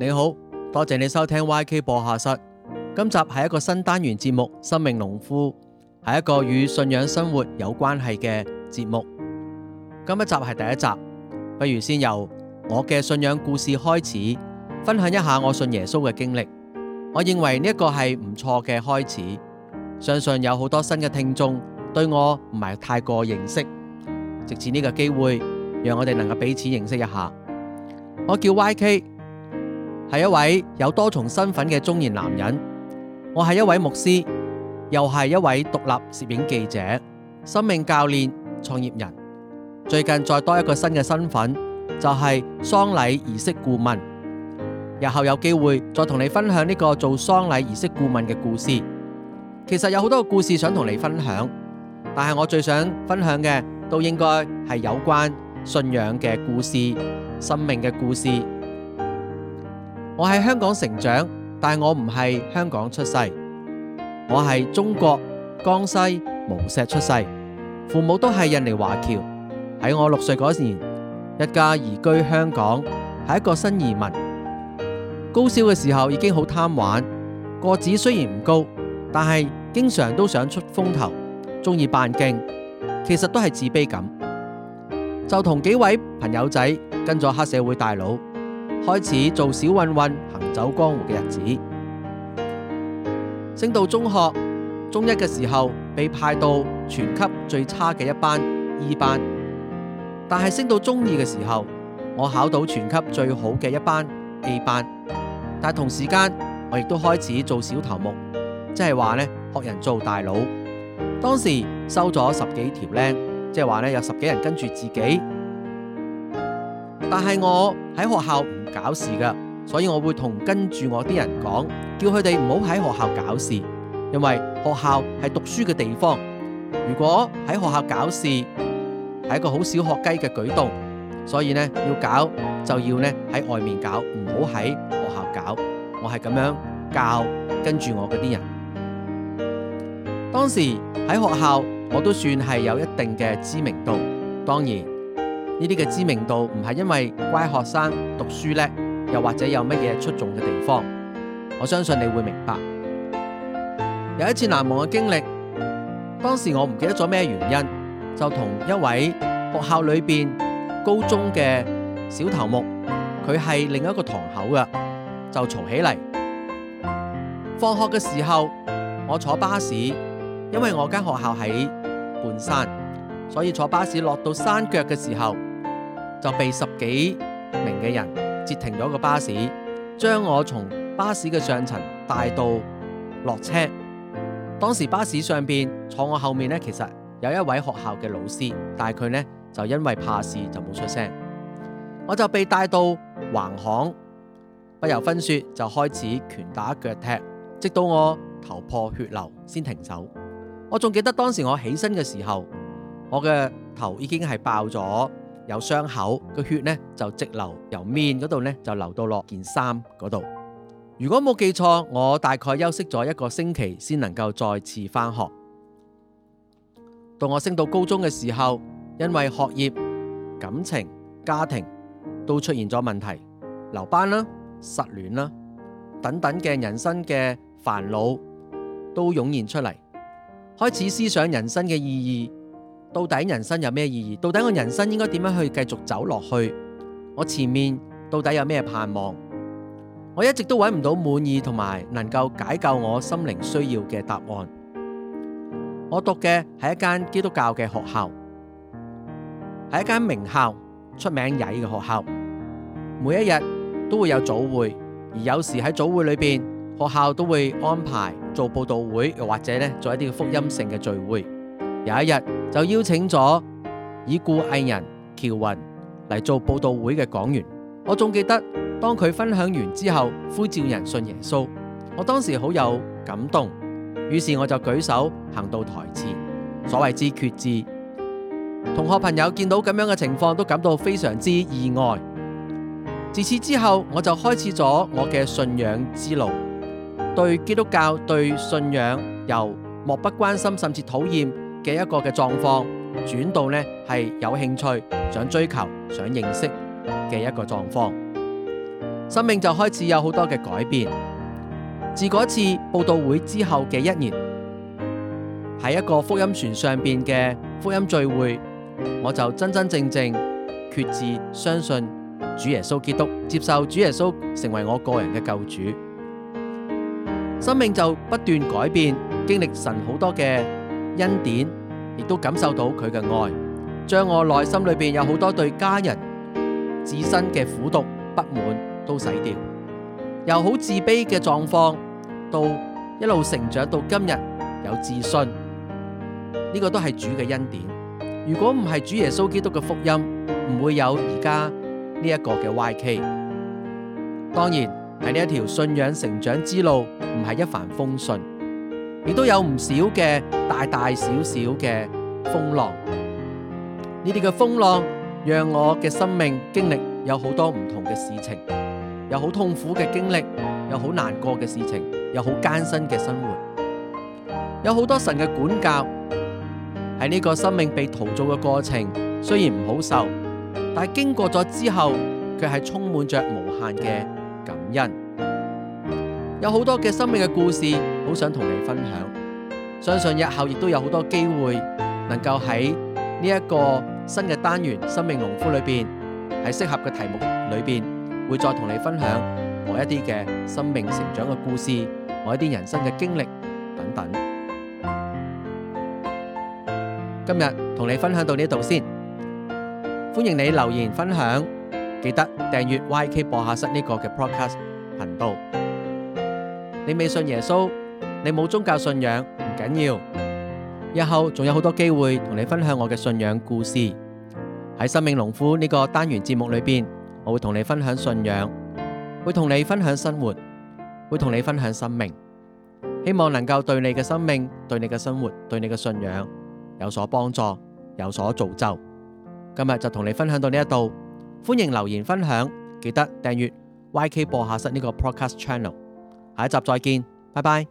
你好，多謝你收聽 YK 播客室。今集係一個新單元節目《生命農夫》，係一個與信仰生活有關係嘅節目。今一集係第一集，不如先由我嘅信仰故事開始，分享一下我信耶穌嘅經歷。我認為呢一個係唔錯嘅開始，相信有好多新嘅聽眾對我唔係太過認識，借此呢個機會，讓我哋能夠彼此認識一下。我叫 YK。係一位有多重身份嘅中年男人，我係一位牧師，又係一位獨立攝影記者、生命教練、創業人，最近再多一個新嘅身份就係喪禮儀式顧問。日後有機會再同你分享呢個做喪禮儀式顧問嘅故事。其實有好多個故事想同你分享，但係我最想分享嘅都應該係有關信仰嘅故事、生命嘅故事。我喺香港成長，但我唔係香港出世，我係中國江西無錫出世，父母都係印尼華僑。喺我六歲嗰年，一家移居香港，係一個新移民。高小嘅時候已經好貪玩，個子雖然唔高，但係經常都想出風頭，鍾意扮勁，其實都係自卑感。就同幾位朋友仔跟咗黑社會大佬。開始做小混混行走江湖嘅日子，升到中學中一嘅時候，被派到全級最差嘅一班 E 班，但係升到中二嘅時候，我考到全級最好嘅一班 A 班，但同時間我亦都開始做小頭目，即係話咧學人做大佬，當時收咗十幾條僆，即係話咧有十幾人跟住自己，但係我喺學校。搞事㗎，所以我會同跟住我啲人講，叫佢哋唔好喺學校搞事，因為學校係讀書嘅地方。如果喺學校搞事，係一個好小學雞嘅舉動。所以呢，要搞就要呢喺外面搞，唔好喺學校搞。我係咁樣教跟住我嗰啲人。當時喺學校，我都算係有一定嘅知名度。當然。呢啲嘅知名度唔係因為乖學生讀書叻，又或者有乜嘢出眾嘅地方，我相信你會明白。有一次難忘嘅經歷，當時我唔記得咗咩原因，就同一位學校裏邊高中嘅小頭目，佢係另一個堂口嘅，就嘈起嚟。放學嘅時候，我坐巴士，因為我間學校喺半山，所以坐巴士落到山腳嘅時候。就被十幾名嘅人截停咗個巴士，將我從巴士嘅上層帶到落車。當時巴士上邊坐我後面呢，其實有一位學校嘅老師，但係佢呢就因為怕事就冇出聲。我就被帶到橫巷，不由分說就開始拳打腳踢，直到我頭破血流先停手。我仲記得當時我起身嘅時候，我嘅頭已經係爆咗。有傷口，個血呢就直流，由面嗰度呢就流到落件衫嗰度。如果冇記錯，我大概休息咗一個星期先能夠再次返學。到我升到高中嘅時候，因為學業、感情、家庭都出現咗問題，留班啦、啊、失戀啦等等嘅人生嘅煩惱都湧現出嚟，開始思想人生嘅意義。到底人生有咩意義？到底我人生應該點樣去繼續走落去？我前面到底有咩盼望？我一直都揾唔到滿意同埋能夠解救我心靈需要嘅答案。我讀嘅係一間基督教嘅學校，係一間名校，出名曳嘅學校。每一日都會有早會，而有時喺早會裏邊，學校都會安排做佈道會，又或者咧做一啲福音性嘅聚會。有一日就邀請咗已故藝人喬雲嚟做佈道會嘅講員。我仲記得當佢分享完之後呼召人信耶穌，我當時好有感動，於是我就舉手行到台前，所謂之決志。同學朋友見到咁樣嘅情況都感到非常之意外。自此之後我就開始咗我嘅信仰之路，對基督教對信仰由漠不關心，甚至討厭，嘅一個嘅狀況轉到呢，係有興趣想追求想認識嘅一個狀況，生命就開始有好多嘅改變。自嗰次佈道會之後嘅一年，喺一個福音船上邊嘅福音聚會，我就真真正正決志相信主耶穌基督，接受主耶穌成為我個人嘅救主，生命就不斷改變，經歷神好多嘅。恩典亦都感受到佢嘅愛，將我內心裏邊有好多對家人、自身嘅苦毒、不滿都洗掉，由好自卑嘅狀況，到一路成長到今日有自信，呢個都係主嘅恩典。如果唔係主耶穌基督嘅福音，唔會有而家呢一個嘅 YK。當然喺呢一條信仰成長之路，唔係一帆風順。亦都有唔少嘅大大小小嘅風浪，呢啲嘅風浪讓我嘅生命經歷有好多唔同嘅事情，有好痛苦嘅經歷，有好難過嘅事情，有好艱辛嘅生活，有好多神嘅管教。喺呢個生命被陶造嘅過程，雖然唔好受，但係經過咗之後，佢係充滿着無限嘅感恩。有好多嘅生命嘅故事，好想同你分享。相信日後亦都有好多機會，能夠喺呢一個新嘅單元《生命農夫》裏邊，喺適合嘅題目裏邊，會再同你分享某一啲嘅生命成長嘅故事，某一啲人生嘅經歷等等。今日同你分享到呢度先，歡迎你留言分享，記得訂閱 YK 播客室呢個嘅 Podcast 頻道。你未信耶穌，你冇宗教信仰唔緊要，日後仲有好多機會同你分享我嘅信仰故事。喺生命農夫呢個單元節目裏邊，我會同你分享信仰，會同你分享生活，會同你分享生命，希望能夠對你嘅生命、對你嘅生活、對你嘅信仰有所幫助、有所造就。今日就同你分享到呢一度，歡迎留言分享，記得訂閱 YK 播客室呢個 Podcast Channel。下一集再見，拜拜。